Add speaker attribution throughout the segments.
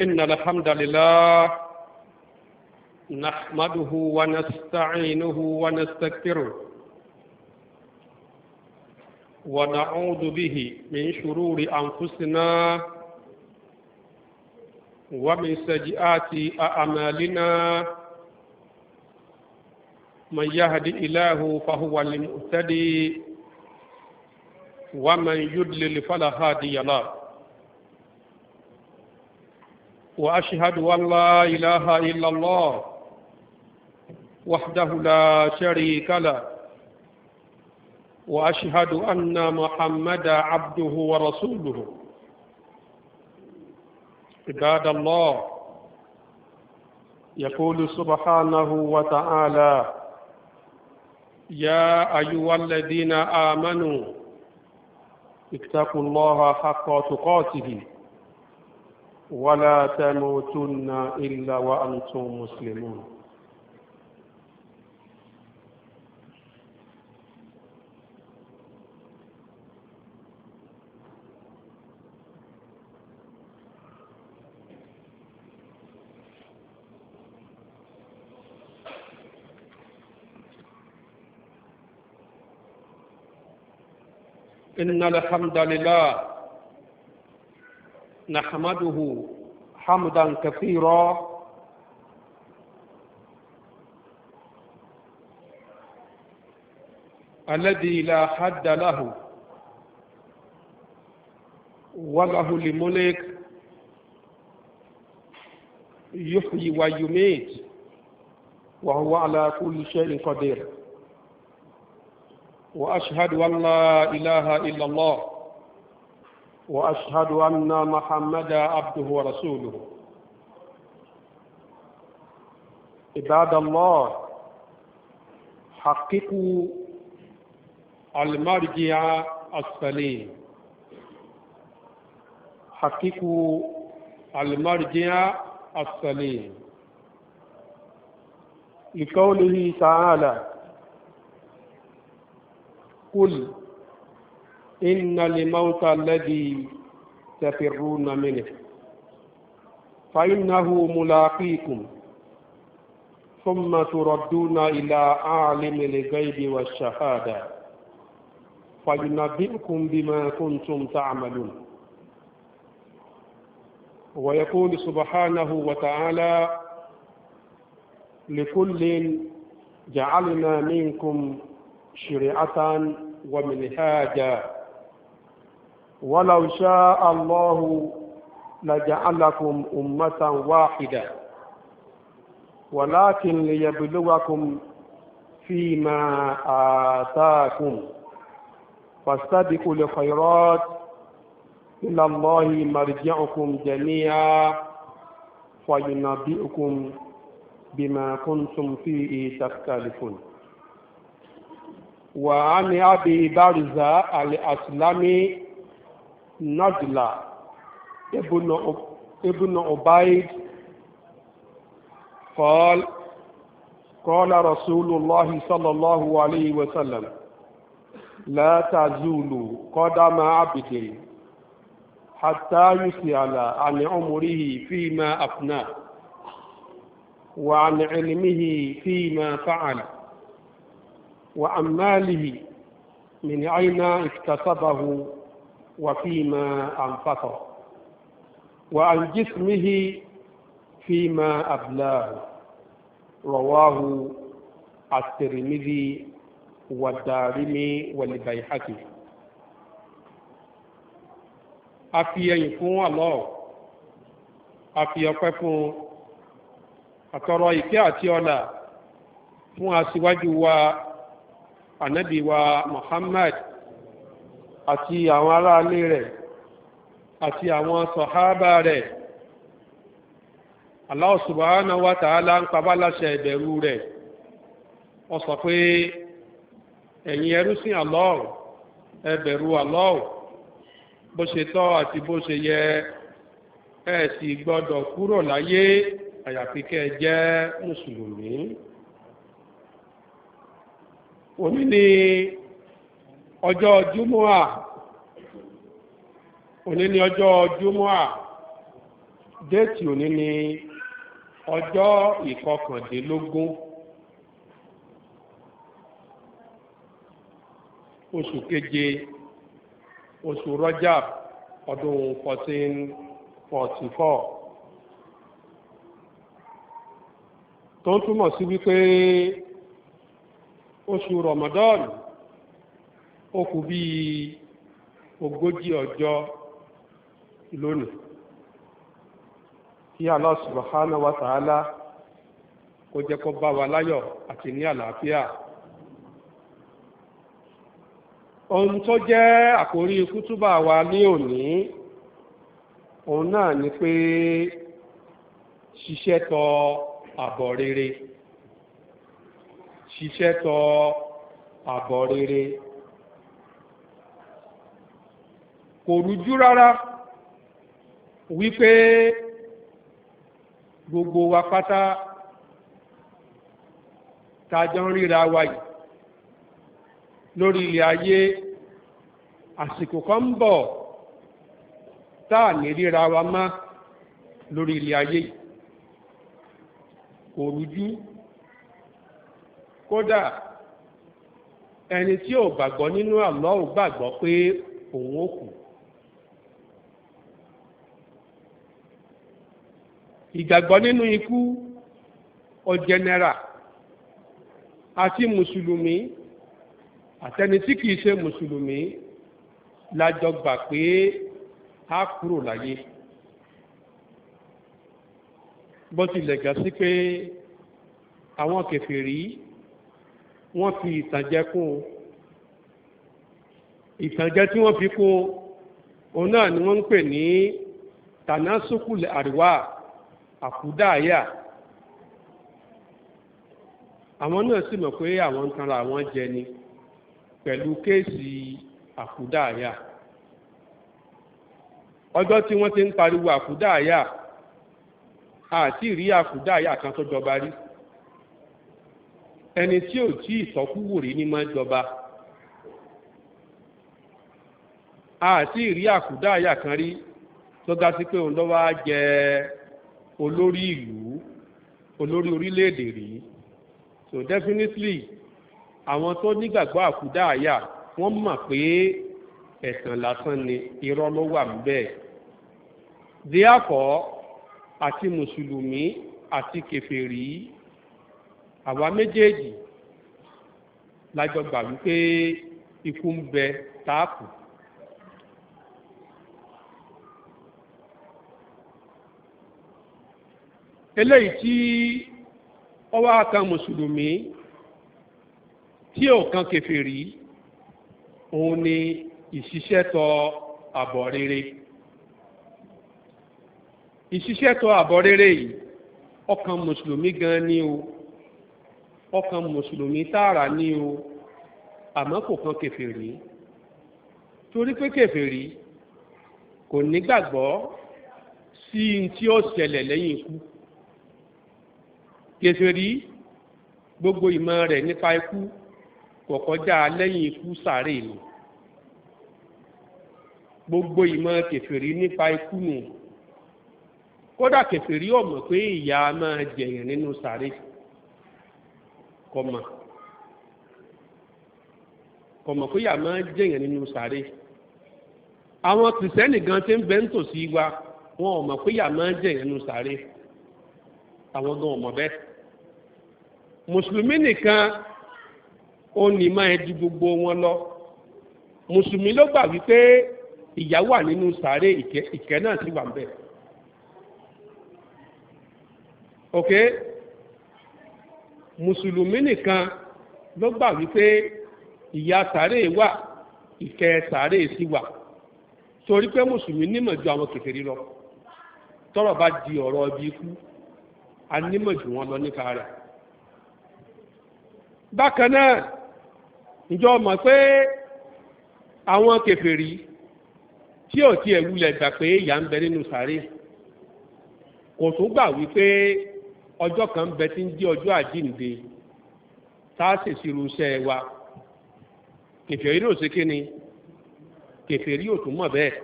Speaker 1: إن الحمد لله نحمده ونستعينه ونستكثره ونعوذ به من شرور أنفسنا ومن سيئات أعمالنا من يهد إله فهو المؤتدي ومن يدلل فلا هادي له وأشهد أن لا إله إلا الله وحده لا شريك له وأشهد أن محمدا عبده ورسوله عباد الله يقول سبحانه وتعالى يا أيها الذين آمنوا اتقوا الله حق تقاته ولا تموتن إلا وأنتم مسلمون إن الحمد لله نحمده حمدا كثيرا الذي لا حد له وله الملك يحيي ويميت وهو على كل شيء قدير واشهد ان لا اله الا الله وأشهد أن محمدا عبده ورسوله عباد الله حققوا المرجع السليم حققوا المرجع السليم لقوله تعالى قل إن الموت الذي تفرون منه فإنه ملاقيكم ثم تردون إلى عالم الغيب والشهادة فينبئكم بما كنتم تعملون ويقول سبحانه وتعالى لكل جعلنا منكم شريعة ومنهاجا ولو شاء الله لجعلكم أمة واحدة ولكن ليبلوكم فيما آتاكم فاستبقوا الخيرات إلى الله مرجعكم جميعا فينبئكم بما كنتم فيه تختلفون وعن أبي برزة الأسلمي نجلة ابن ابن عبيد قال قال رسول الله صلى الله عليه وسلم لا تزول قدم عبد حتى يسأل عن عمره فيما أفناه وعن علمه فيما فعل وعن ماله من أين اكتسبه وفيما أنفقه وعن جسمه فيما أبلاه رواه الترمذي والدارمي والبيحقي أفيين فون الله أفيين فون أترى إكي أتيولا fún aṣíwájú wa ànábì wa àti àwọn aráalé rẹ̀ àti àwọn sọ̀hábà rẹ̀ Allah subhanahu wa ta'ala ń pa báláṣẹ ìbẹ̀rù rẹ̀ wọ́n sọ pé ẹ̀yin ẹrú sí Allah ẹ bẹ̀rù Allah bó ṣe tọ́ àti bó ṣe yẹ ẹ sì gbọ́dọ̀ kúrò láyé àyàfi kẹ́ ẹ jẹ́ mùsùlùmí. òní ni ọjọ́ júmọ́à òní ni ọjọ́ júmọ́à déètì òní ni ọjọ́ ìkọkàndínlógún oṣù keje oṣù Rajab ọdún fourteen forty four tó ń túmọ̀ sí wípé oṣù Ramadan ó bi bíi ogójì ọjọ́ lónìí kí Allah subhanahu wa ta'ala kó jẹ́ kó bá wa láyọ̀ àti ní àlàáfíà ohun tó jẹ́ àkórí kútúbà wa ní òní òun náà ni pé ṣiṣẹ́ tọ àbọ̀ rere ṣiṣẹ́ tọ kò rújú rárá wípé gbogbo wa pátá tàjọ ń ríra wa yìí lórí ilẹ̀ ayé àsìkò kan ń bọ̀ tá à ní ríra wa má lórí ilẹ̀ ayé yìí kò rújú kódà ẹni tí ò gbàgbọ́ nínú àlọ́ ò gbàgbọ́ pé òun ó kù. ìgbàgbọ́ nínú ikú ọ̀jẹ̀nẹ̀rà àti mùsùlùmí àtẹni tí kìí ṣe mùsùlùmí la jọ gbà pé a kúrò láyé bó tilẹ̀ gà sí pé àwọn kèfèrí wọ́n fi ìtànjẹ kún ìtànjẹ tí wọ́n fi kún òun náà ni wọ́n ń pè ní tànásùkùlẹ̀ àríwá àkúdàáyà àwọn náà sì mọ̀ pé àwọn ń tanra àwọn jẹ ni pẹ̀lú kéèsì àkúdàáyà ọjọ́ tí wọ́n ti ń pariwo àkúdàáyà àti ìrí àkúdàáyà kan tó jọba rí ẹni tí ò tí ìtọ́kùwò rí ní máa jọba àti ìrí àkúdàáyà kan rí tó ga sí pé òun lọ́wọ́ á jẹ́ olórí ìlú olórí orílẹ̀-èdè rí so definitely àwọn tó nígbàgbọ́ àkúdàáyà wọ́n mọ̀ pé ẹ̀tàn lásán ni irọ́ ló wà níbẹ̀ therefore àti mùsùlùmí àti kèfèrí àwa méjèèjì la jọ gbà wípé ikú ń bẹ táàpù eléyìí tí ó wá kan mùsùlùmí tí ò kan kèfèrí òun ni ìṣiṣẹ́tọ àbọ̀ rere ìṣiṣẹ́tọ àbọ̀ rere yìí ọkàn mùsùlùmí gan ni o ọkàn mùsùlùmí tààrà ni o àmọ́ kò kan kèfèrí torí pé kèfèrí kò nígbàgbọ́ sí tí ó ṣẹlẹ̀ lẹ́yìn ikú kèfèrí gbogbo ìmọ̀ rẹ̀ nípa ikú kò kọjá lẹ́yìn ikú sàárè ni gbogbo ìmọ̀ kèfèrí nípa ikú nù kódà kèfèrí ò mọ̀ pé ìyà máa jẹ̀yàn nínú sàárè kò mọ̀ kò mọ̀ pé ìyà máa jẹ̀yàn nínú sàárè àwọn kìrìsẹ́nì gan ti ń bẹ nítòsí wa wọn ò pé ìyà máa jẹ̀yàn nínú sàárè àwọn gan ò mọ̀ bẹ́ẹ̀ mùsùlùmí nìkan ó ní máa di gbogbo wọn lọ mùsùlùmí ló gbà wípé ìyà wà nínú sàárè ìkẹ́ náà sì wà ń bẹ̀ ok mùsùlùmí nìkan ló gbà wípé ìyà sàárè wà ìkẹ́ sàárè sì wà torí pé mùsùlùmí nímọ̀ ju àwọn kèfèrí lọ tọ́rọ̀ bá di ọ̀rọ̀ ibi ikú a nímọ̀ jù wọ́n lọ nípa rẹ̀ bákan náà ǹjọ́ mọ̀ pé àwọn kèfèrí tí ò tiẹ̀ wulẹ̀ gbà pé ìyà ń bẹ nínú sàárè kò tún gbà wípé ọjọ́ kan ń bẹ tí ń jẹ́ ọjọ́ àjíǹde tá a sì ṣírò iṣẹ́ wa kèfèrí ò sí kíni kèfèrí ò tún mọ̀ bẹ́ẹ̀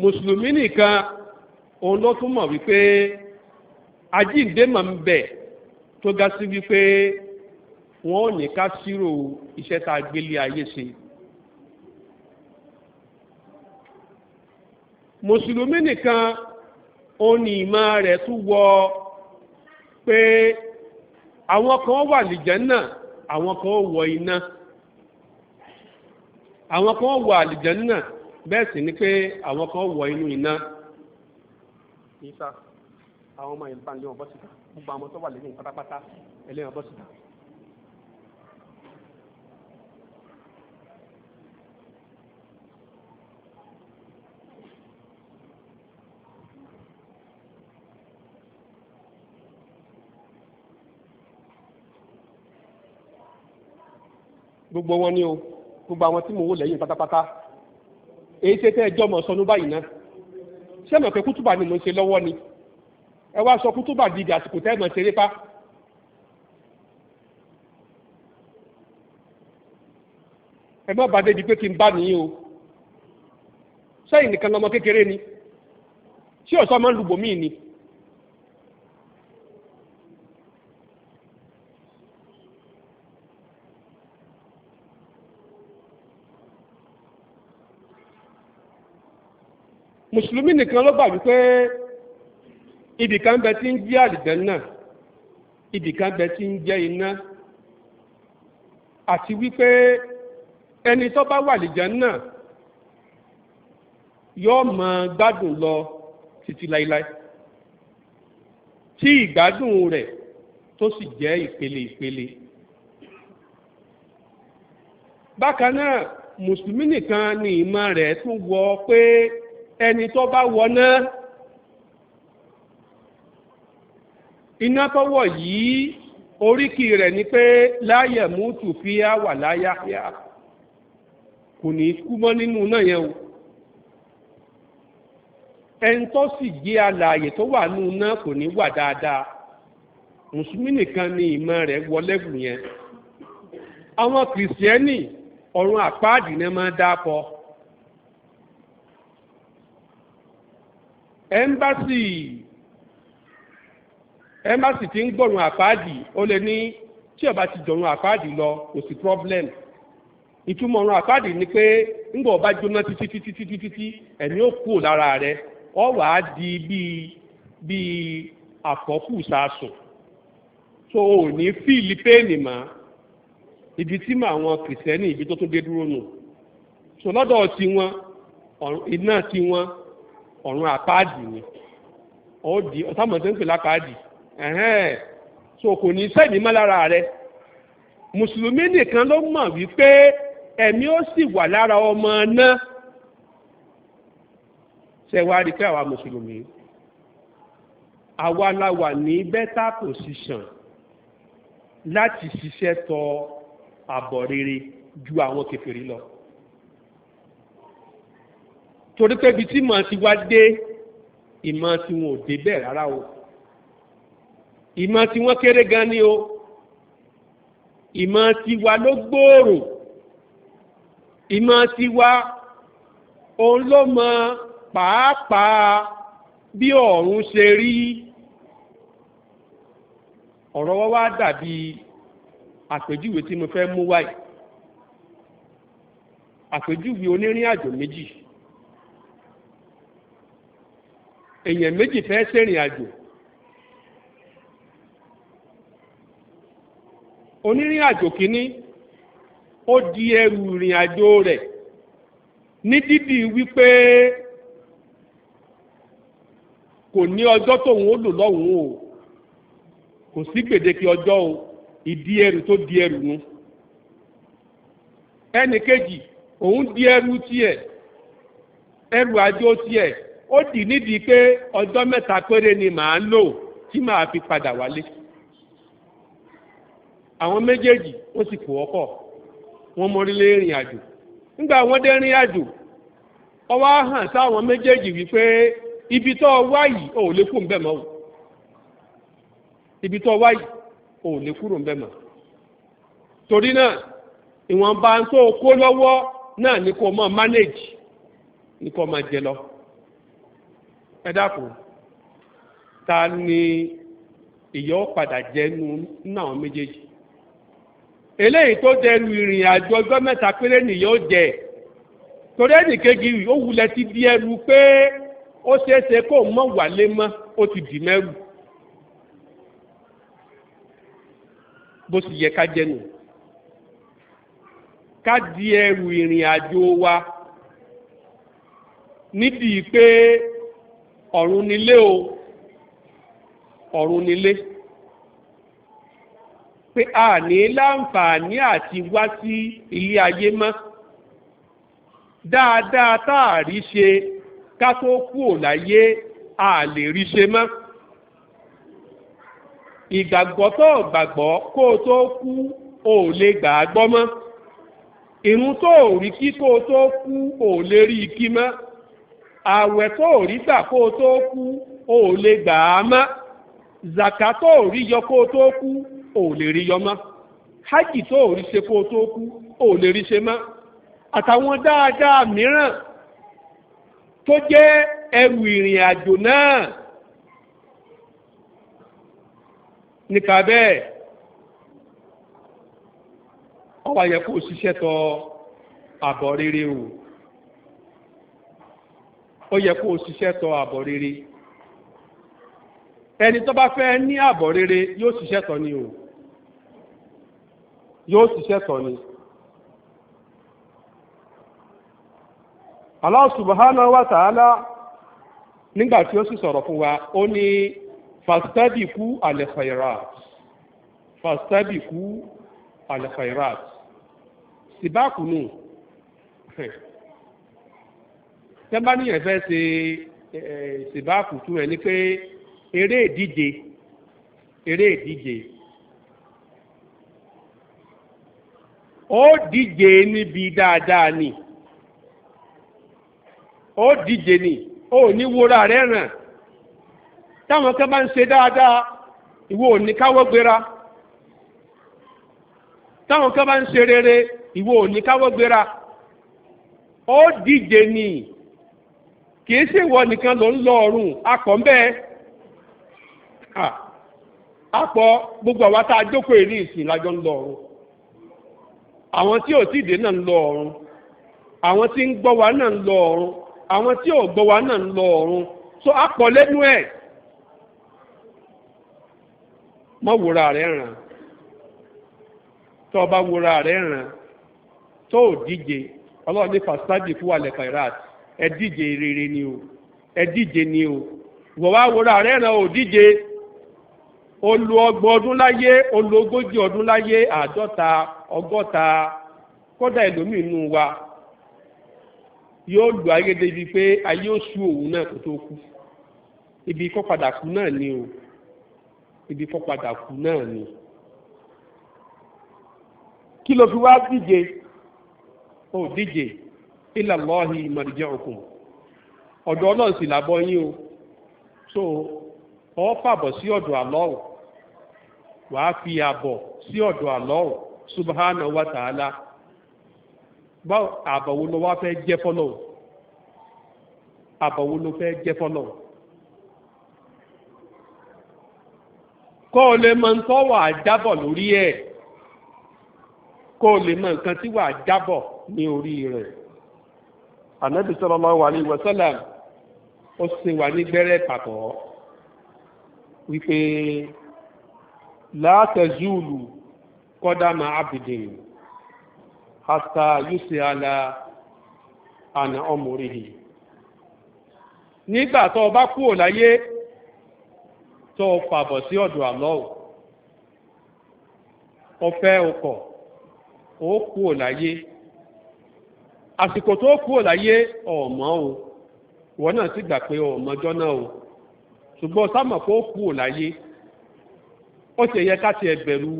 Speaker 1: mùsùlùmí nìkan òun ló tún mọ̀ wípé àjíǹde mà ń bẹ tó ga sí wípé wọn ò ní ká sírò iṣẹ́ tá a gbélé ayé ṣe. mùsùlùmí nìkan ó ní ìmọ̀ rẹ̀ tún wọ pé àwọn kan wà lìjẹ́nà àwọn kan wọ iná àwọn kan wọ àlìjẹ́nà bẹ́ẹ̀ sì ni pé àwọn kan wọ inú iná. Isa àwọn ọmọ yorùbá lé wọn bọ́ síta gbogbo àwọn tó wà lẹ́yìn pátápátá ẹlẹ́yìn wọn bọ́ síta. gbogbo wọn ni o gbogbo àwọn tí mò ń wò lẹ́yìn pátápátá èyí ṣe ẹjọ́ mọ̀ sọnú báyìí náà ṣé mọ̀ pé kútùbà ni mo ń ṣe lọ́wọ́ ni ẹ wá sọ kú tó bà dìde àsìkò tẹ́ẹ̀mọ̀ ṣeré pa. ẹ má bàa débi pé kí n bá nìyí o sẹ́yìn nìkan lọmọ kékeré ni tí ọ̀sán máa ń lùbọ̀ míì ni. mùsùlùmí nìkan ló gbà wípé ibì kan bẹ tí ń jẹ́ àlìjẹ́nà ibì kan bẹ tí ń jẹ́ iná àti wípé ẹni tó bá wà àlìjẹ́nà yóò máa gbádùn lọ títí láíláí tí ìgbádùn rẹ̀ tó sì jẹ́ ìpele ìpele bákan náà mùsùlùmí nìkan ni ìmọ̀ rẹ̀ tún wọ pé ẹni tó bá wọ náà iná tó wọ̀ yìí oríkì rẹ̀ ni pé láyẹ̀ mú tùfíà wà láyáyá kò ní kú mọ́ nínú náà yẹn o ẹni tó sì jẹ́ alààyè tó wà nínú náà kò ní wà dáadáa mùsùlùmí nìkan ni ìmọ̀ rẹ̀ wọlẹ́gùn yẹn àwọn kìrìsìẹ́nì ọ̀run àpáàdì náà máa dápọ̀ ẹ̀ńbásì ẹ má sì ti ń gbọ̀rùn àpáàdì ó lè ní ti jọ̀rùn àpáàdì lọ kò sí problem ìtumọ̀ ọ̀run àpáàdì ni pé ọba jóná títí títí títí títí ẹ̀mí ó kúrò lára rẹ ọ wà á di bíi bíi àfọ́kù so o ní fíìlì péènì mọ́ ibi tí mà àwọn ibi tó tún dé dúró nù so lọ́dọ̀ tiwọn iná tiwọn ọ̀run àpáàdì ni ó di ọ̀tá ẹ̀hẹ́n so kò ní sẹ́mi mọ́ lára rẹ mùsùlùmí nìkan ló mọ̀ wípé ẹ̀mí ó sì wà lára ọmọ náà ṣẹ̀wá rí pé àwa mùsùlùmí àwa la wà ní better position láti ṣiṣẹ́ tọ àbọ̀ rere ju àwọn kèfèrí lọ torí pé ibi tí màá ti wá dé ìmọ̀ tí wọn ò dé bẹ́ẹ̀ rárá o ìmọ̀ tí wọ́n kéré gan ni o ìmọ̀ tiwa ló gbòòrò ìmọ̀ tiwa òun ló mọ pàápàá bí ọ̀run ṣe rí ọ̀rọ̀ wa wá dàbí àpèjúwe tí mo fẹ́ mú wáyé àpèjúwe onírìn àjò méjì èèyàn méjì fẹ́ ṣèrìn àjò. onírìn àjò kínní ó di ẹrù ìrìn àjò rẹ̀ ní dídì wípé kò ní ọjọ́ tóun ó lò lọ́hùn o kò sí gbèdéke ọjọ́ o ìdí ẹrù tó di ẹrù nu ẹnì kejì òun di ẹrù tiẹ̀ ẹrù àjò tiẹ̀ ó dì nídìí pé ọjọ́ mẹ́ta péré ni màá lò tí màá fi padà wálé. àwọn méjèèjì wọ́n sì kò wọ́pọ̀ wọ́n mórílé ìrìn àjò nígbà wọ́n dé rìn àjò ó wá hàn sáwọn méjèèjì wípé ibi tó wá yìí ò lè kúrò ńbẹ̀ mọ́ o ibi tó wá yìí ò lè kúrò ńbẹ̀ mọ́ torí náà ìwọ̀nba tó kó lọ́wọ́ náà ni kò mọ̀ manage ni kò mọ̀ jẹ lọ ẹ dákun ta ni ìyọ́ padà jẹ́ nínú àwọn méjèèjì. eléyìí tó dẹrù ìrìn àjò ọjọ́ mẹ́ta péré nìyẹn ó jẹ torí ẹnìkejì ó wulẹ̀ ti di ẹrù pé ó ṣeé ṣe kó mọ̀ wálé mọ́ ó ti dì mẹ́rù bó sì yẹ ká jẹ́ ká di ẹrù ìrìn àjò wa nídìí pé ọ̀run nílé o ọ̀run nílé pé a ní láǹfààní àti wá sí ilé ayé mọ́ dáadáa tá a rí ṣe ká tó kú ò láyé a lè rí ṣe mọ́ ìgbàgbọ́ tó gbàgbọ́ kó o tó kú o lè gbàgbọ́ mọ́ ìrun tó rí kí kó tó kú o lè rí kí mọ́ àwẹ̀ tó rí gbà kó tó kú o lè gbà á mọ́ zàkà tó rí yọ kó tó kú ò lè rí yọ mọ́ hajj tó ò rí ṣe kó o tó kú ò lè rí ṣe mọ́ àtàwọn dáadáa mìíràn tó jẹ́ ẹrù ìrìn àjò náà níka bẹ́ẹ̀ ọwọ́ yẹ kó ṣiṣẹ́ tọ àbọ̀ rere o ó yẹ kó ṣiṣẹ́ tọ àbọ̀ rere ẹni tó bá fẹ́ ní àbọ̀ rere yóò ṣiṣẹ́ tọ ni o yóò ṣiṣẹ́ tọ̀ ni. Allah subhanahu wa ta'ala nígbà tí ó sì sọ̀rọ̀ fún wa ó ní fastabiqu al-khairat fastabiqu al-khairat síbáàkù nù tẹ́bá níyàn fẹ́ ṣe síbáàkù tún ẹ̀ ní pé eré ìdíje eré ìdíje ó díje níbi dáadáa ni ó díje ni ó ní wúra rẹ̀ ràn táwọn kan bá ń ṣe dáadáa ìwọ ò gbéra táwọn rere gbéra ó díje ni kìí ṣe ìwọ nìkan ló ń lọ gbogbo àwa tá a jókòó ìrí ìsìn ń àwọn tí ò tí dé náà ń lọ ọ̀run àwọn tí ń gbọ́ wa náà ń lọ ọ̀run àwọn tí ò gbọ́ wa náà ń lọ so a pọ̀ lẹ́nu ẹ̀ mọ́ wòra rẹ̀ ràn tó o bá rẹ̀ ràn tó o díje ọlọ́run ní fàṣájì fún wàlẹ̀ kairat ẹ díje rere ni o ẹ díje ni o wọ́n wá ó lo ọgbọ̀n ọdún láyé ó lo ogójì ọdún láyé àádọ́ta ọgọ́ta kódà ẹlòmíín nù wa yóò lo ayé débi pé ayé ó òun náà kó tó kú ibi kó padà kú náà ni o ibi kó padà kú náà ni kí ló fi wá díje ó díje ìlàlọ́ọ̀hì ìmọ̀lẹ́jẹ́ òkun ọ̀dọ̀ ọlọ́run sì làbọ̀ yín o so ọ fàbọ̀ sí ọ̀dọ̀ àlọ́ọ̀ wàá fi àbọ̀ sí ọ̀dọ̀ Allah subhanahu wa ta'ala báwo àbọ̀wò ló wá fẹ́ jẹ́ fọ́lọ́ àbọ̀wò ló fẹ́ jẹ́ fọ́lọ́ kó o lè mọ nǹkan wà á jábọ̀ lórí ẹ̀ kó lè mọ nǹkan tí wà á jábọ̀ ní orí rẹ̀ wà ní pàtó la tazulu kodama abdin hatta yusala ana ọmọrìhì nígbà tó bá kúrò láyé tó fàbọ̀ sí ọ̀dọ̀ àlọ́ọ̀ ọ̀fẹ́ ọkọ̀ ó kúrò láyé àsìkò tó kúrò láyé ọ̀mọ́ o wọ́n náà sì gbà pé ọ̀mọ́jọ́ náà o ṣùgbọ́n sámọ̀ kó kúrò ó ṣe yẹ ká ti ẹ̀bẹ̀rù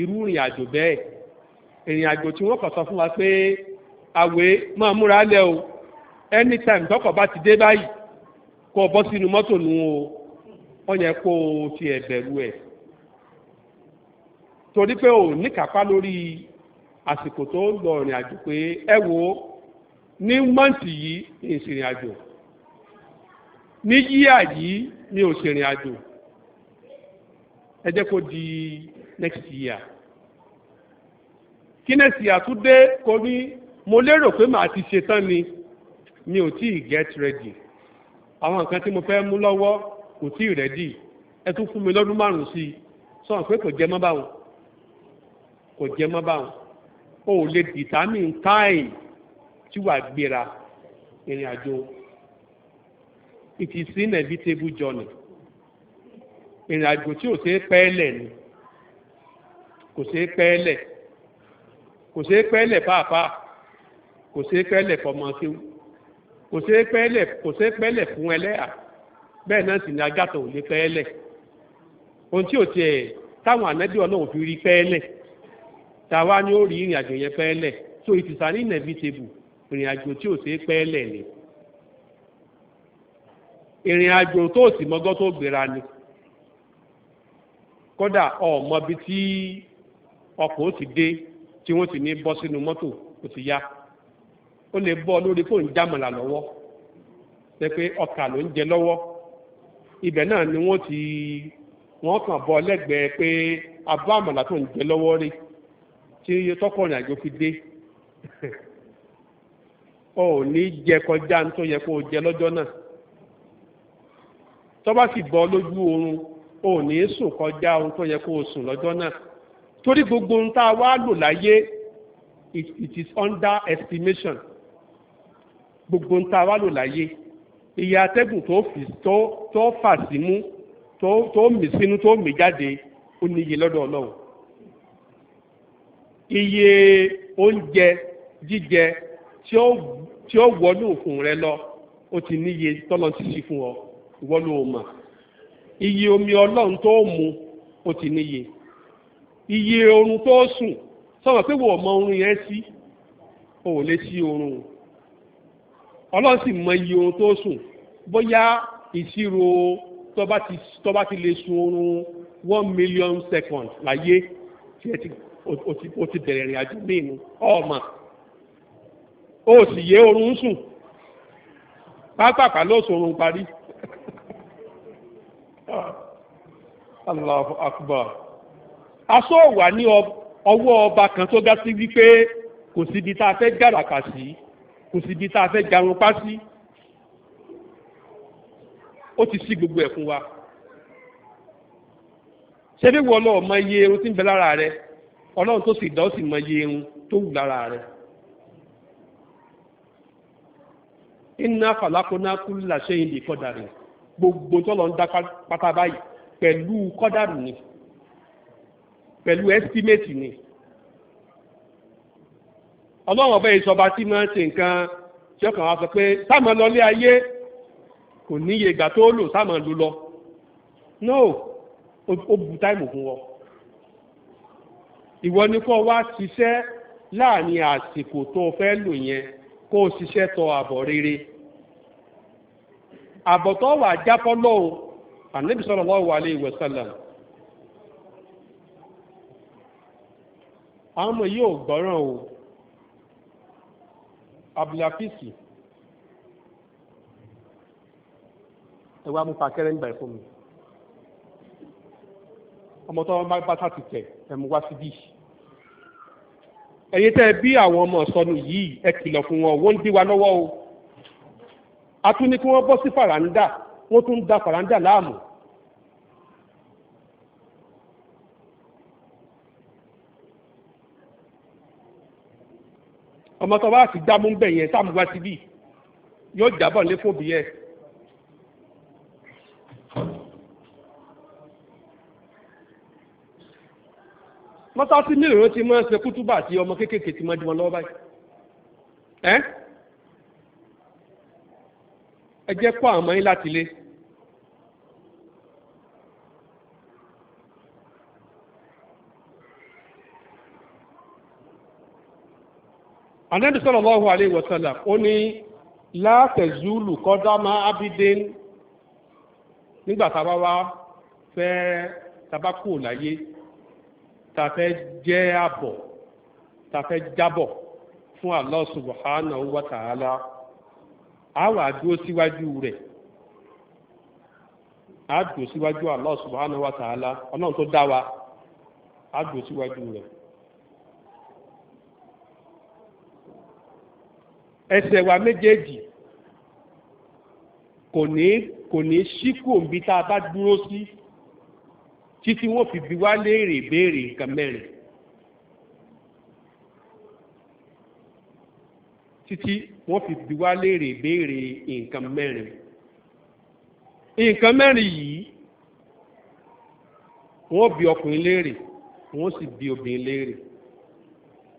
Speaker 1: irú ìrìn àjò bẹ́ẹ̀ ìrìn àjò tí wọ́n kàn sọ fún wa pé àwẹ̀ máa múra lẹ̀ o anytime tọkọ̀ bá ti dé báyìí kó o bọ́ sínú mọ́tò nù o wọ́n yẹ kó o ti ẹ̀bẹ̀rù ẹ̀ torí pé o níkàpá lórí àsìkò tó ń lọ ìrìn àjò pé ẹ wo ní mọ́ǹtì yìí ní ìsìnrìn àjò ní yíyà yìí ní òṣèrìn àjò ẹ jẹ́ kó di next year kí next year tún dé kó ní mo lérò pé màá ti ṣe tán ni mi ò tí ì get ready àwọn nǹkan tí mo fẹ́ mú lọ́wọ́ kò tí ì ready ẹ tún fún mi lọ́dún márùn sí i sọ̀rọ̀ pé kò jẹ mọ́ báwọn kò jẹ mọ́ báwọn o ò lè determine time tí wàá gbéra ìrìn àjò it is inevitable journey ìrìn àjò tí ò ṣe pẹ́ẹ́lẹ̀ ni kò ṣe é pẹ́ẹ́lẹ̀ kò ṣe é pẹ́ẹ́lẹ̀ pàápàá kò ṣe é pẹ́ẹ́lẹ̀ fọmọ kò ṣe pẹ́ẹ́lẹ̀ kò ṣe pẹ́ẹ́lẹ̀ fún ẹlẹ́à bẹ́ẹ̀ náà sì ni agàtọ̀ ò lè pẹ́ẹ́lẹ̀ ohun tí ò tiẹ̀ táwọn ànẹ́bí ọlọ́run fi rí pẹ́ẹ́lẹ̀ tàwa ni ó rí ìrìn àjò yẹn pẹ́ẹ́lẹ̀ so it is an inevitable ìrìn àjò tí ò ṣe pẹ́ẹ́lẹ̀ ni ìrìn àjò tó sì mọ́gọ́ tó gbéra ni kódà ọmọ ibi tí ọkọ̀ ó ti dé tí wọ́n ti ní bọ́ sínú mọ́tò kò ti yá ó lè bọ́ lórí fóun jámọ̀là lọ́wọ́ ṣe pé ọkà ló ń jẹ lọ́wọ́ ibẹ̀ náà ni wọ́n ti wọ́n kàn bọ́ lẹ́gbẹ̀ẹ́ pé abọ́ àmàlà tó ń jẹ lọ́wọ́ rí tí tọkọ ìrìn àjò fi dé ọ ò ní jẹ kọjá tó yẹ kó o jẹ lọ́jọ́ náà tọ́ bá sì bọ́ lójú oorun ò ní sùn kọjá ohun tó yẹ kó o sùn lọ́jọ́ náà torí gbogbo ohun tá a wá lò láyé it, is under estimation gbogbo ohun tá a wá lò láyé iye atẹ́gùn tó fi tó tó fà sí mú tó tó mì sínú tó mì jáde ó níye lọ́dọ̀ ọlọ́run iye oúnjẹ jíjẹ tí ó tí ó wọnú òkun rẹ lọ ó ti níye tọ́lọ́ ti ṣí fún ọ ìwọ́n ló mọ̀ iye omi ọlọ́run tó mu o ti níye iye oorun tó sùn sọ̀rọ̀ pé wò mọ oorun yẹn sí o ò lè sí oorun ọlọ́run sì mọ iye oorun tó sùn bóyá ìṣirò tó bá ti lè sun oorun one million seconds láyé tí ẹ ti o ti bẹ̀rẹ̀ ìrìn àjò ní inú ọmọ o sì yé oorun sùn pápákà ló sọ oorun parí. Allahu Akbar aṣọ wà ní ọwọ́ ọba kan tó ga sí wípé kò síbi tá a fẹ́ gàràkà sí kò síbi tá a fẹ́ garunpá sí ó ti sí gbogbo ẹ̀ fún wa ṣebí wọ lọ mọ iye irun tí ń bẹ lára rẹ ọlọ́run tó sì dá sì mọ iye irun tó wù lára rẹ. inna falakona kulla shay'in bi qadarin gbogbo tó lọ ń dá pátá báyìí pẹ̀lú kọ́dàrù ni pẹ̀lú ẹ́stímẹ́tì ni ọlọ́run ọ̀bẹ ìṣọba tí máa ń ṣe nǹkan tí ọkàn wa sọ pé sáàmù lọlé ayé kò níye ìgbà tó lò sáàmù ló lọ no ó bu táìmù fún ọ ìwọ ni kó wá ṣiṣẹ́ láàrin àsìkò tó fẹ́ lò yẹn kó o ṣiṣẹ́ tọ àbọ̀ rere àbọ̀tọ́ wà jápọ́ lọ́wọ́ ànábì sallallahu alayhi wa sallam. àwọn ọmọ yìí ò gbọ́ràn o abdulhafisi ẹ wá mú pàkẹ́rẹ́ ń gbà fún mi ọmọ tó wọn bá bá ti tẹ ẹ wá síbí ẹ̀yin tẹ́ bí àwọn ọmọ sọnù yìí ẹ fún wọn wọ́n ń dí wa lọ́wọ́ o a tún ní kí wọ́n bọ́ sí fàràǹdà wọ́n tún ń da fàràǹdà láàmú. ọmọ tó bá sì dámú bẹ̀ yẹn sáà mú wá síbí yóò jábọ̀ lé fòbí ẹ̀. mọ́tàsí mélòó ti máa ń ṣe kútúbà àti ọmọ kéékèèké ti máa di wọn lọ́wọ́ báyìí ẹ jẹ́ kọ́ àwọn ọmọ yín láti ilé. anabi sallallahu alayhi wa sallam ó ní la tazulu qadama abidin nígbà tá a bá wá fẹ́ tá a bá tá a fẹ́ jẹ́ àbọ̀ tá a fẹ́ jábọ̀ fún Allah subhanahu wa ta'ala a wà dúró síwájú rẹ̀ a dúró síwájú Allah subhanahu wa ta'ala ọlọ́run tó dá wa a dúró síwájú rẹ̀. ẹsẹ̀ wa méjèèjì kò ní kò ní ṣíkù òǹbí tá a bá dúró sí títí wọ́n fi bi wá léèrè béèrè nǹkan mẹ́rin. títí wọ́n fi bí wá léèrè béèrè nǹkan mẹ́rin nǹkan mẹ́rin yìí wọ́n bi ọkùnrin léèrè wọ́n sì bi obìnrin léèrè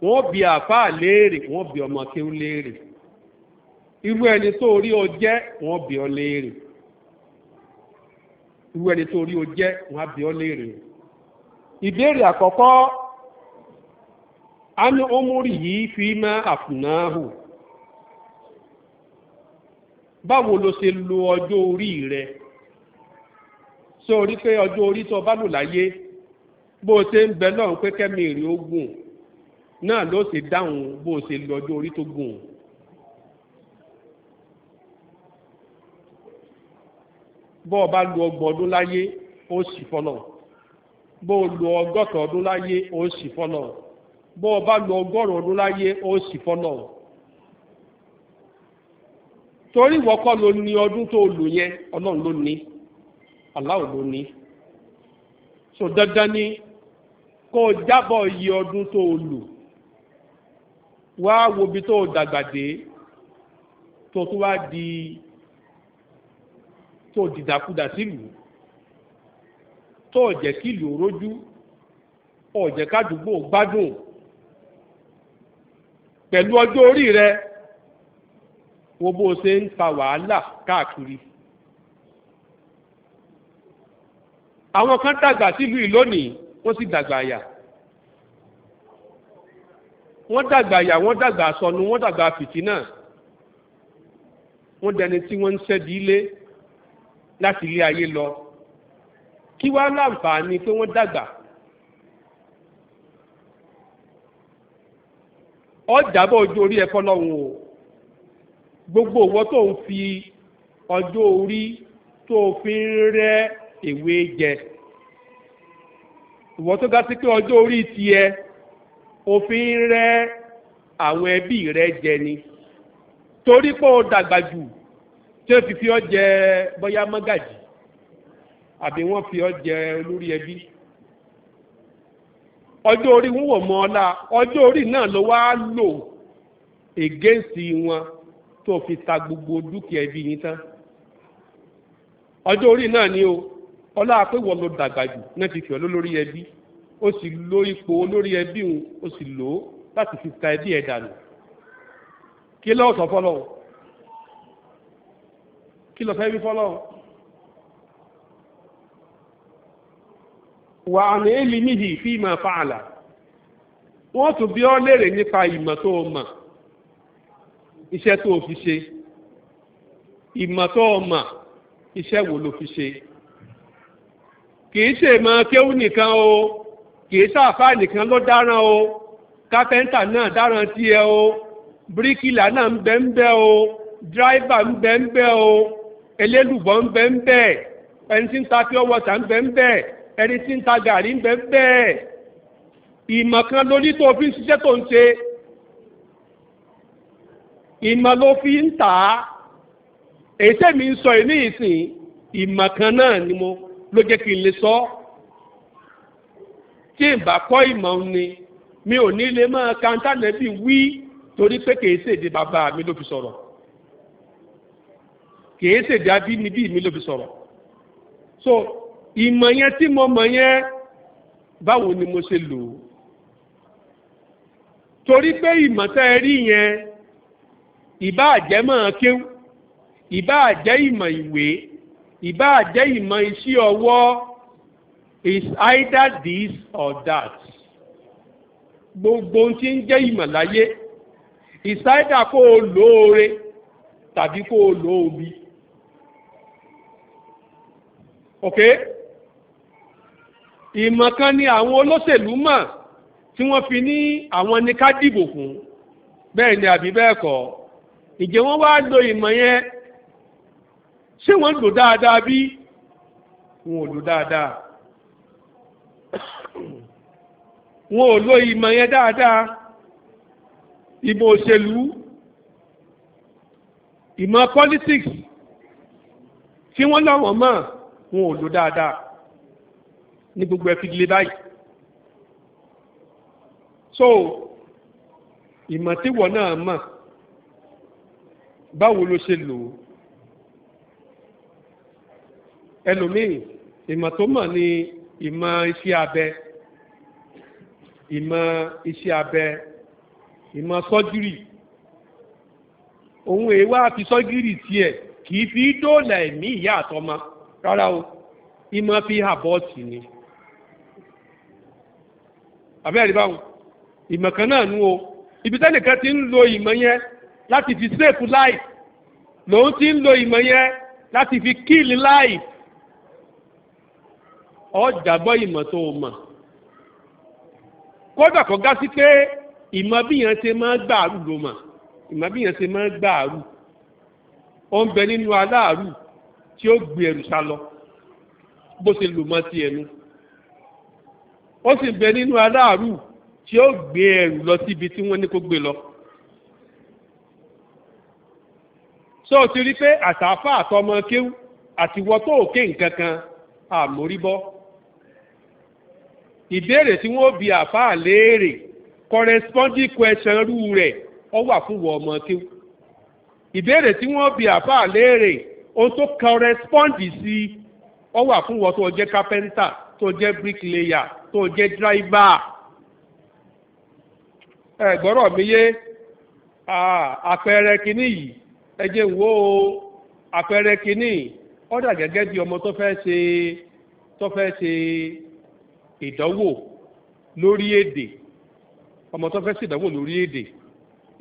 Speaker 1: wọ́n bi àáfàá léèrè wọ́n bi ọmọ kéwú léèrè irú ẹni tó rí o jẹ́ wọ́n bi ọ léèrè irú ẹni tó rí o jẹ́ wọ́n á ọ léèrè ìbéèrè àkọ́kọ́ anu omori yìí fi máa àfùnáhù. báwo lo ṣe lo ọjọ́ orí rẹ ṣé pé ọjọ́ orí tó o bá lò láyé bó o ṣe ń bẹ lọ́run pé kẹ́mi èrè ó gùn náà ló ṣe dáhùn bó o ṣe lo ọjọ́ orí tó o bá lo ọgbọ̀n ọdún láyé ó sì fọlọ bó o lo ọgọ́ta ọdún láyé ó fọlọ bó o bá lo ọgọ́rùn ọdún láyé fọlọ. torí ìwọ kọ́ ló ní ọdún tó lò yẹn ọlọ́run ló ní Allah ló ní so dandan ni kó o jábọ̀ iye ọdún tó lò wá wo ibi tó dàgbà dé tó tún wá di tó dìdàkudà sílùú tó jẹ́ kílùú rójú ó jẹ́ gbádùn pẹ̀lú ọjọ́ orí rẹ wo bó ṣe ń fa wàhálà káàkiri. àwọn kan dàgbà sílùú ìlónìí wọ́n sì dàgbà àyà wọ́n dàgbà àyà wọ́n dàgbà àsọnù wọ́n dàgbà fìtínà wọ́n dẹni tí wọ́n ń ṣẹ́bi ilé láti ilé ayé lọ kí wá láǹfààní pé wọ́n dàgbà ọ̀dàbọ̀ ojú orí ẹ̀fọ́ lọ́hùn o. gbogbo òwò tó ń fi ọjọ́ orí tó fi ń rẹ́ jẹ ìwọ tó ga sí pé ọjọ́ orí tiẹ̀ o fi ń rẹ́ àwọn ẹbí jẹ ni torí pé o dàgbà jù tí o fi fi ọ jẹ bóyá mọ́gàjì àbí wọ́n fi ọjọ́ orí wọn la ọjọ́ orí náà ló wá lò against tó fi ta gbogbo dúkìá ẹbí yín tán ọjọ́ orí náà ni o ọlá pé wọ́n dàgbà jù náà ti fi lórí ẹbí ó sì lo ipò olórí ẹbí òun ó sì lò láti fi ta ẹbí ẹ̀ dànù kí lọ́wọ́ sọ kí fa wọ́n tún bí ọ́ léèrè nípa ìmọ̀ iṣẹ́ tó o fi ṣe ìmọ̀ tó o mọ̀ iṣẹ́ wo ló fi ṣe kìí ṣe mọ kéwú nìkan o kìí ṣàfáà nìkan ló dáràn o kápẹ́ńtà náà dáràn tiẹ̀ o bíríkìlà náà ń bẹ ń bẹ o dráìbà ń bẹ ń bẹ o elélùbọ́ ń bẹ ń bẹ ẹni tí ń ta pure water ń bẹ ń bẹ ẹni tí ń ta gàrí ń bẹ ń bẹ ìmọ̀ kan lóní tó o fi ń ṣiṣẹ́ tó ń ṣe ìmọ̀ ló fi ń tà á èyí tẹ̀mí ń sọ ìní ìsìn ìmọ̀ kan náà ni mo ló jẹ́ kí n lè sọ tí n bá kọ́ ìmọ̀ ni mi ò ní lè máa kanta nẹ́bí wí torí pé kìí ṣèdè bàbá mi ló fi sọ̀rọ̀ kìí ṣèdè abínibí mi ló fi sọ̀rọ̀ so ìmọ̀ yẹn tí mo mọ̀ yẹn báwo ni mo ṣe lò ó torí pé ìmọ̀ tá ẹ rí yẹn ìbá àjẹmọ́ kéwú ìbá àjẹ́ ìmọ̀ ìwé ìbá àjẹ́ ìmọ̀ iṣẹ́ ọwọ́ is either this or that gbogbo tí ń jẹ́ ìmọ̀ láyé is either kó o lóore tàbí kó o lóobi ok ìmọ̀ kan ni àwọn olóṣèlú mọ̀ tí wọ́n fi ní àwọn ni ká dìbò fún bẹ́ẹ̀ ni àbí bẹ́ẹ̀ kọ́ ìjẹ́ wọ́n wá lo ìmọ̀ yẹn ṣé wọ́n lò dáadáa bí wọn ò lò dáadáa wọn ò lo ìmọ̀ yẹn dáadáa ìmọ̀ òṣèlú ìmọ̀ politics tí wọ́n láwọn mọ̀ wọn ò lò dáadáa ní gbogbo ẹ̀fí ilé báyìí so ìmọ̀ tí wọ́n náà mọ̀ báwo ló ṣe lò ó ẹlòmíì ìmọ̀ tó mọ̀ ni ìmọ̀ iṣẹ́ abẹ ìmọ̀ iṣẹ́ abẹ ìmọ̀ sọ́júrì òun èèwà fi sọ́júrì tiẹ̀ kì í fi dóòlà ẹ̀mí ìyá àtọmọ rárá o ìmọ̀ fi àbọ̀tì ni àbẹ́rẹ́ báwọn ìmọ̀ kan náà nú o ibi tẹ́nìkan ti ń lo ìmọ̀ yẹn láti fi save life lòun ti ń lo ìmọ̀ yẹn láti fi kill life ọjàgbọ́ ìmọ̀ tó o mọ̀ kódà kó gá sí pé ìmọ̀ bí yẹn ṣe máa gbàrú ló mọ̀ ìmọ̀ bí yẹn ṣe máa gbàrú ó ń bẹ nínú aláàrú tí ó gbé ẹrù sá lọ bó ṣe lò mọ́ ti ẹnu ó sì ń bẹ nínú aláàrú tí ó gbé ẹrù lọ síbi tí wọ́n ní kó gbé lọ. so o ti rí pé àtàfà àtọmọ àti àtiwọ́ tó òkè nǹkan kan àmóríbọ́ ìbéèrè tí wọ́n bi àfáà léèrè corresponding question rú rẹ̀ ọ wà fún ọmọ ìbéèrè tí bi léèrè tó correspond sí ọ wà fún wọ tó jẹ́ carpenter tó jẹ́ bricklayer tó jẹ́ driver ẹ gbọ́dọ̀ mi yé àpẹẹrẹ kínní yìí ẹ wo àpẹẹrẹ kínní ó dà bí ọmọ tó fẹ́ ṣe tó fẹ́ ṣe ìdánwò lórí èdè ọmọ tó fẹ́ ṣe ìdánwò lórí èdè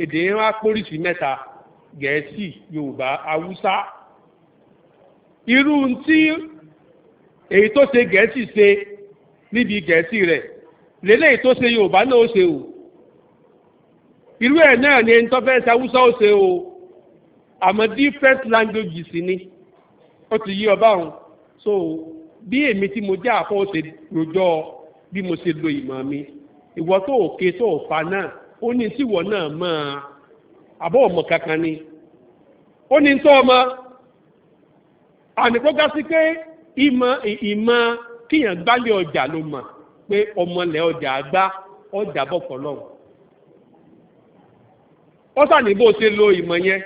Speaker 1: èdè yẹn wá yorùbá haúsá irú tí èyí tó ṣe gẹ̀ẹ́sì ṣe níbi rẹ̀ tó ṣe o irú náà ni ẹni tó ṣe o. àmọ́ different languages ni ó ti yí ọba òun so bí èmi tí mo jẹ́ àfọ́ ṣe rojọ́ bí mo ṣe lo ìmọ̀ mi ìwọ tó òkè tó òfa náà ó ní tíwọ náà mọ́ àbọ̀ ọmọ kankan ni ó ní tó ọmọ àníkó gásí pé ìmọ̀ ìmọ̀ kíyàn gbálé ọjà ló mọ̀ pé ọmọlẹ̀ ọjà gbá ọjà bọ̀ pọ̀ lọ́wọ́ ó sà ní bó ṣe lo ìmọ̀ yẹn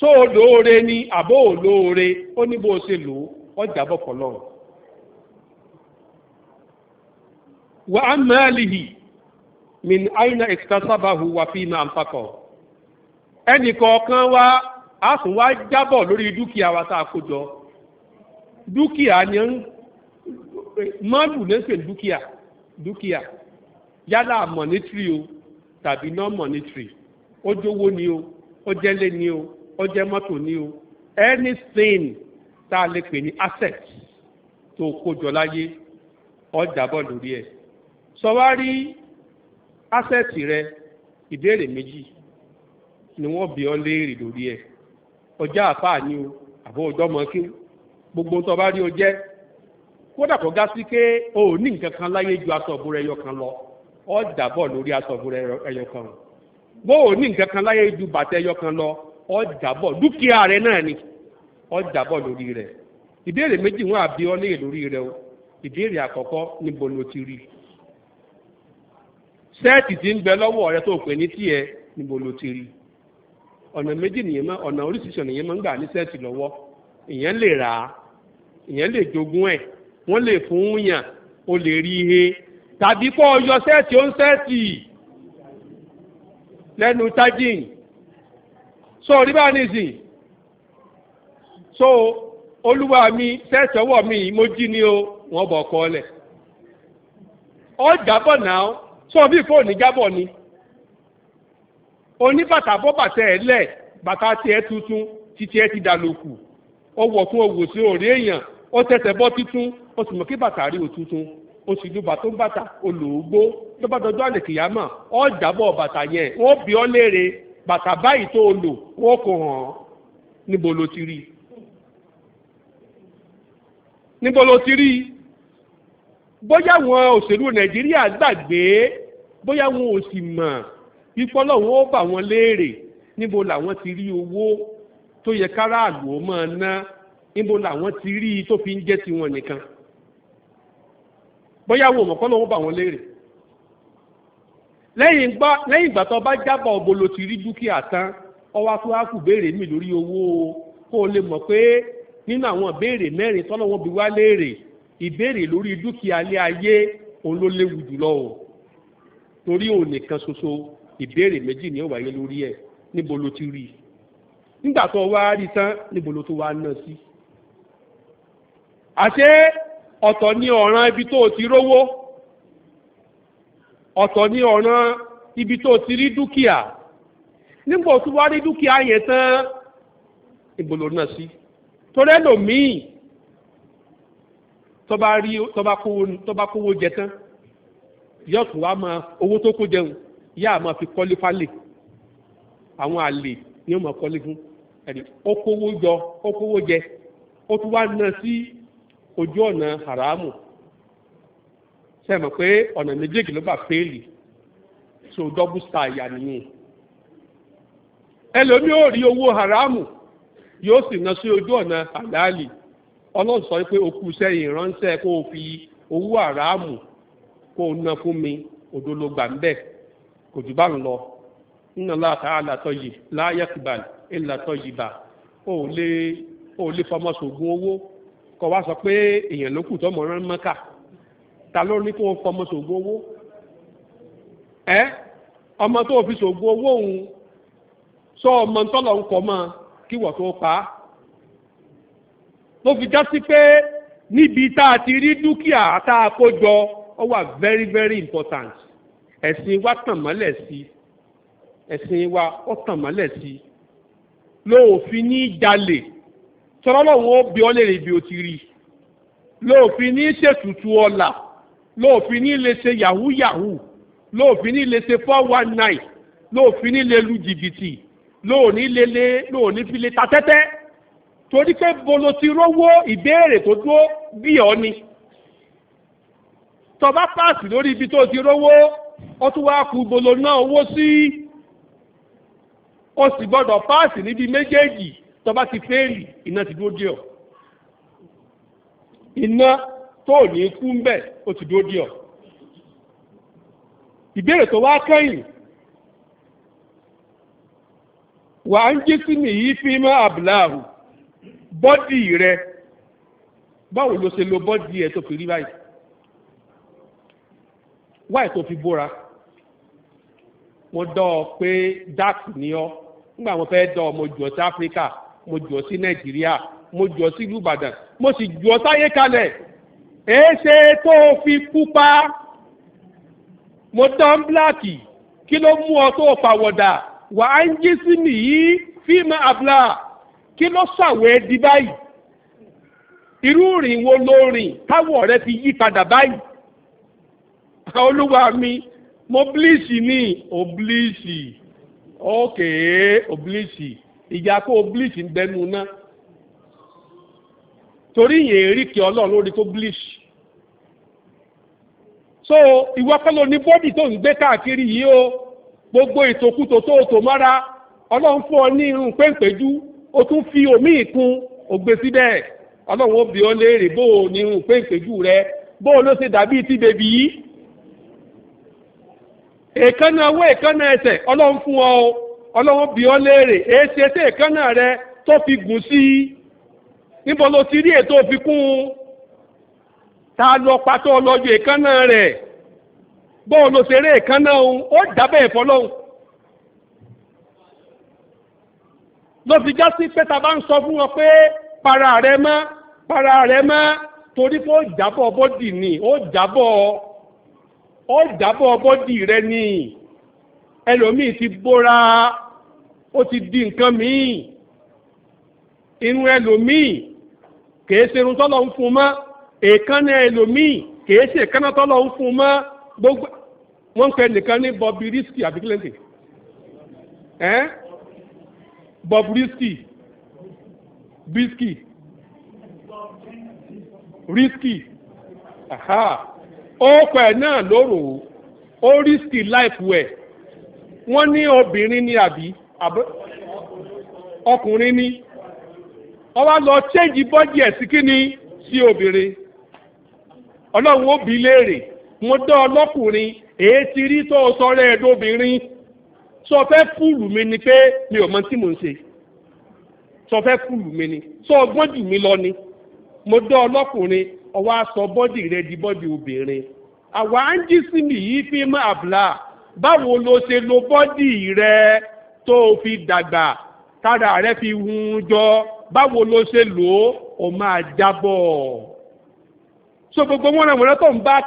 Speaker 1: so olóore ni àbó olóore ó ní bó o ṣe lò ó ọjà bọ̀ pọ̀ wà á min aina ìtàsábàhù wà fi máa ń fakọ̀ ẹnì kọ̀ọ̀kan wa a sùn wá jábọ̀ lórí dúkìá wa tá a kó jọ dúkìá ni ń mọ́lù lẹ́sẹ̀ dúkìá dúkìá yálà mọ̀nítírì o tàbí non mọ̀nítírì ó jówó ni o ó jẹ́lé ni o ó jẹ́ mọ́tò ní o anything tá a lè pè ní asset tó kójọ láyé ọjà bọ̀ lórí ẹ̀ sọ wá rí asset rẹ ìbéèrè méjì ni wọ́n bi ọ́ léèrè lórí ẹ̀ ọjà àfáà ni o àbọ̀ ọjọ́ mọ́ kí gbogbo tó bá rí o jẹ́ kódà kó gá sí pé o ò ní nǹkan kan láyé ju aṣọ òbúrò ẹyọ kan lọ ọjà bọ̀ lórí aṣọ òbúrò ẹyọ kan bó o ní nǹkan kan láyé ju bàtà ẹyọ kan lọ ọjàbọ̀ dúkìá rẹ náà ni ọjàbọ̀ lórí rẹ ìbéèrè méjì wọn àbí ọ léè lórí rẹ o ìbéèrè àkọ́kọ́ níbo ló ti rí sẹ́ẹ̀tì tí ń lọ́wọ́ rẹ tó pè ní tiẹ̀ níbo ló ti rí ọ̀nà méjì nìyẹn ọ̀nà oríṣiríṣi ọ̀nà yẹn ń gbà ní sẹ́ẹ̀tì lọ́wọ́ ìyẹn lè rà o lè rí ihe tàbí yọ so rí bá nìsín so olúwa mi sẹ́ẹ̀tì ọwọ́ mi mo jí ni o wọ́n bọ̀ kọ́ lẹ̀ ọ jábọ̀ náà so bí fóònù jábọ̀ ni oníbàtà bọ́ bàtà ẹ̀ lẹ̀ bàtà tiẹ̀ tuntun títí ẹ ti dàlòkù ó wọ̀ fún owó sí òrí èèyàn ó tẹsẹ̀ bọ́ tuntun ó sì mọ̀ kí bàtà rí o tuntun ó sì lu bàtà ń bàtà olóògbó tó àlèkìyàmọ̀ ọ jábọ̀ bàtà yẹn wọ́n bí ọ léèrè bàtà báyìí tó o lò wọ́n kò hàn án níbo lo ti rí níbo lo ti rí bóyá wọn òṣèlú nàìjíríà gbàgbé bóyá wọn ò sì mọ̀ ìfọlọ́ wọn ó bà wọn léèrè níbo làwọn ti rí owó tó yẹ káràlú ó máa ná níbo làwọn ti rí i tó fi ń jẹ́ tiwọn nìkan bóyá wọn ò mọ̀ lọ́wọ́ bà wọn léèrè. lẹ́yìn gbá lẹ́yìn ìgbà tó bá jábọ̀ ọ̀bọ ti rí dúkìá tán ọwọ́ afúráfù béèrè mi lórí owó kó o lè mọ̀ pé nínú àwọn ìbéèrè mẹ́rin tọ́lọ́wọ́n bí wá léèrè ìbéèrè lórí dúkìá ilé ayé òun ló léwu jùlọ o torí òun nìkan ṣoṣo ìbéèrè méjì ni ó lórí ẹ̀ níbo lo ti rí i nígbà tó wá rí tán níbo tó wá sí. àṣé ọ̀tọ̀ ni ọ̀ràn ibi tó o ti rówó. ọ̀tọ̀ ní ọ̀nà ibi tó ti rí dúkìá nígbà tó wá rí dúkìá yẹn tán ìbòlò náà sí torí ẹlòmíì tó bá kówó jẹ tán yóò wa máa owó tó kó jẹun yáà máa fi kọ́lé fálè àwọn àlè ni máa kọ́lé fún ẹni ó kówó jọ ó kówó jẹ ó tún wá ná ṣe mọ̀ pé ọ̀nà méjèèjì ló bá fẹ́ẹ̀lì so double star ìyà nìyẹn ẹlòmí ò rí owó haramu yóò sì ná sí ojú ọ̀nà àdáàlì ọlọ́run sọ pé okú sẹ́yìn ránṣẹ́ kó o fi owó haramu kó o ná fún mi òdo ló gbà ń bẹ̀ kò jù bá ń lọ nínú láta lè sọ pé èèyàn ló kù tọmọ rán mọ́kà. ta ló ní kó o fọmọ ṣògùn owó ẹ ọmọ tó o fi ṣògùn owó òun sọ ọmọ tọ́lọ̀ ń kọ́ mọ́ kí wọ́n tó pa á ló fi já sí pé níbi tá a ti rí dúkìá tá a kó jọ ó wà very very important ẹ̀sìn wa tàn mọ́lẹ̀ sí ẹ̀sìn wa ó tàn mọ́lẹ̀ sí lóòfin ní jalè tọ́lọ́lọ́wọ́ bí ọ́ lè rìn bí o ti rí lóòfin ní ṣètùtù ọ̀la lóòfin ní lè ṣe yahoo yahoo lóòfin ní lè ṣe four one nine lóòfin ní lè lu jìbìtì lóòní lè lè lóòní fi lè ta tẹ́tẹ́ torí pé bolo ti rówó ìbéèrè tó dúró bí ọ ni tọba páàsì lórí ibi tó ti rówó ó tún wá ku bolo náà owó sí ó sì gbọ́dọ̀ páàsì níbi méjèèjì tọba ti fẹ́ẹ̀lì iná ti dúró dé ọ iná tó ní kú ń bẹ̀ ó ti dó díọ̀ ìbéèrè tó wá kẹ́yìn wà á ń jí sí nìyí fi mọ́ àbùláàrù bọ́dì rẹ báwo ló ṣe lo bọ́dì ẹ tó fi rí báyìí wáì tó fi bóra wọ́n dọ́ ọ pé dark ni ọ́ nígbà wọn fẹ́ dọ́ ọ mo jù si sí Áfíríkà mo jù si sí Nàìjíríà mo jù si sí ìlú Ìbàdàn mo sì jù ọ́ sáyé kalẹ̀. Ese tó fi pupa mo tán bíláàkì kí ló mú o pàwọ̀dà wà á ń jí sí mi yìí fíìmù àbúlà kí ló ṣàwẹ́ di báyìí irú rìn wo ló rìn táwọ̀ rẹ ti yí padà báyìí olúwa mi mo bílíṣì ní òbílíṣì ókèé òbílíṣì ìjà kó òbílíṣì ń bẹnu náà. torí ìyẹn èríkì ọlọ́run lórí tó bleach so ìwọ kọ́ ló ní bọ́dì tó ń gbé káàkiri yìí o gbogbo ìtòkùtò tó o tò mọ́ra ọlọ́run fún ọ ní irun péńpéjú o tún fi omi ìkun ògbé síbẹ̀ ọlọ́run ó bi ọ́ léèrè bó o ní irun péńpéjú rẹ bó o ló ṣe dàbí ti bèbí yìí èékánná owó èékánná ẹsẹ̀ ọlọ́run fún ọ ọlọ́run bi ọ́ léèrè èé ṣe ṣe rẹ tó fi gùn sí i. níbo ló ti rí ètò òfikún ta lọ pàtó ọlọ́jọ èkánná rẹ̀ bọ́ọ̀ ló ṣeré èkánná òun ó dábẹ́ ìfọlọ́hùn. ló fi já pé ta bá ń sọ fún wọn pé para rẹ mọ́ para rẹ mọ́ torí pé ó jábọ̀ bọ́dì ni ó jábọ̀ ó jábọ̀ bọ́dì rẹ ni ẹlòmíì ti bóra ó ti di nǹkan míì inú ẹlòmíì kèé ṣe irun tọ́lọ̀ ń fún mọ́ èékánná ẹlòmíì kèé ṣe tọ́lọ̀ ń fún mọ́ gbogbo wọ́n ń pẹ́ nìkan ní Bobrisky àbí kílẹ̀ǹtì ẹ́ Bobrisky brisky risky aha ó pẹ̀ náà lóró ó risky life wẹ̀ wọ́n ní obìnrin ni àbí ọkùnrin ni. ọwá lọ change bọ́dì ẹ̀ sí kíni sí obìnrin ọlọ́run ó bi léèrè mo dán ọlọ́kùnrin èé ti rí tó o sọ rẹ̀ lóbìnrin sọ fẹ́ fúlù mi ni pé mi ò mọ tí mò ń ṣe sọ fẹ́ fúlù mi ni sọ ọgbọ́n jù mí lọ ni mo dán ọlọ́kùnrin ọwá sọ bọ́dì rẹ di bọ́dì obìnrin àwa ń jí sí mi yìí fi mọ́ àbúlà báwo lo ṣe lo bọ́dì rẹ tó o fi dàgbà tára rẹ fi hun jọ. báwo ló ṣe lò ó ó máa jábọ̀ so gbogbo wọn náà wọlé ń bá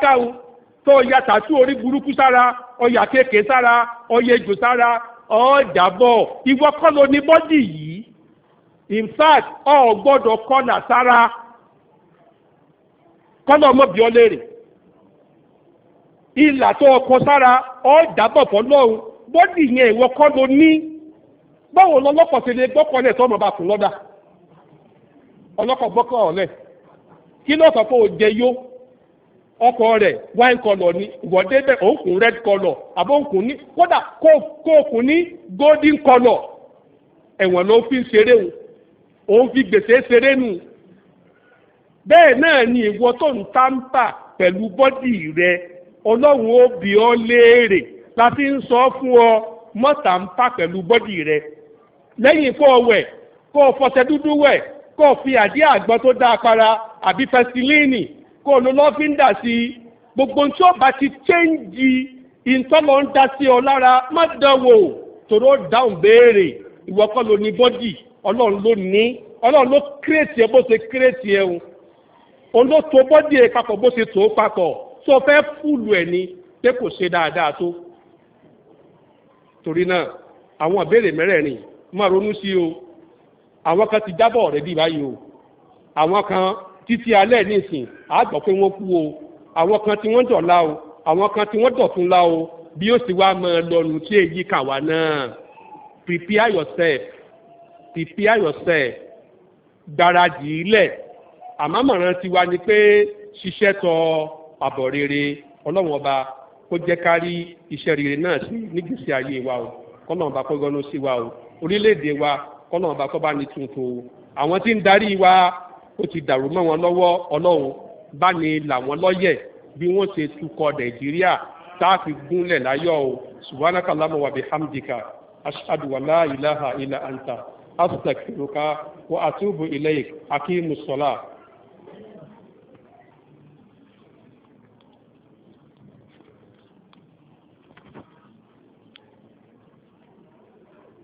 Speaker 1: ya tàtú orí burúkú sára ọyà kéèké sára ọyẹ jò sára ọjàbọ̀ ìwọ kọ́ ló ní bọ́dì yìí in fact ọ gbọ́dọ̀ kọ́nà sára kọ́nà ọmọ bí ọ tó ọkọ sára ọjàbọ̀ fọlọ́run bọ́dì yẹn ìwọ kọ́ ló ní báwo lọ́lọ́pọ̀ ṣe ọlọ́kọ̀ bọ́kọ̀ ọ̀lẹ̀ kí ló sọ pé ó jẹ yó ọkọ rẹ̀ wine colour ni ìwọ́dé bẹ́ẹ̀ ó red colour àbó ní kódà kó o ní golden colour ẹ̀wọ̀n ló fi ṣeré o òun fi gbèsè ṣeré nù bẹ́ẹ̀ náà ni ìwọ tó ń tàǹpà pẹ̀lú rẹ ọlọ́run ó bi ọ́ léèrè láti ń sọ fún ọ rẹ lẹ́yìn kó o wẹ̀ kó o fọṣẹ dúdú wẹ̀ kó o fi àdí àgbọn tó dáa para àbí fẹsilíìnì kó o lo lọ́fíńdà sí i gbogbo tí ó bá ti chéǹjì ìtọ́lọ́ ń dá sí ọ lára má dánwò tòró dáhùn béèrè ìwọ kọ́ ló ní bọ́dì ọlọ́run ló ní ọlọ́run ló kírètì ẹ bó ṣe kírètì ẹ òun òun bọ́dì ẹ papọ̀ bó ṣe tò papọ̀ tó fẹ́ fúlù ẹ̀ ni pé kò ṣe dáadáa tó torí náà àwọn ìbéèrè mẹ́rẹ̀ẹ̀rin máa ronú sí o àwọn kan ti jábọ̀ rẹ̀ bí báyìí o àwọn kan títí alẹ́ nísìn á gbọ́ pé wọ́n kú o àwọn kan tí wọ́n dọ̀la o àwọn kan tí wọ́n dọ̀tún la o bí ó sì wá mọ lọ́nu tí èyí kà wá náà prepare yourself prepare yourself gbáradì ilẹ̀ àmọ́mọ̀ràn tiwa ni pé ṣiṣẹ́ tọ àbọ̀ rere ọlọ́run ọba kó jẹ́ ká rí iṣẹ́ rere náà sí nígbèsí ayé wa o kọ́lọ́run ọba kó gbọ́nú sí wa o orílẹ̀-èdè wa kọ́lọ́run ọba kọ́ bá ní tuntun o àwọn tí ń darí wa ó ti dàrú mọ́ wọn lọ́wọ́ ọlọ́run bá ní làwọn lọ́yẹ̀ bí wọ́n ṣe tukọ̀ nàìjíríà tá a fi gúnlẹ̀ láyọ̀ o subhanaka allahumma wa bihamdika ashhadu wa la ilaha illa anta astaghfiruka wa atubu ilayk aqimus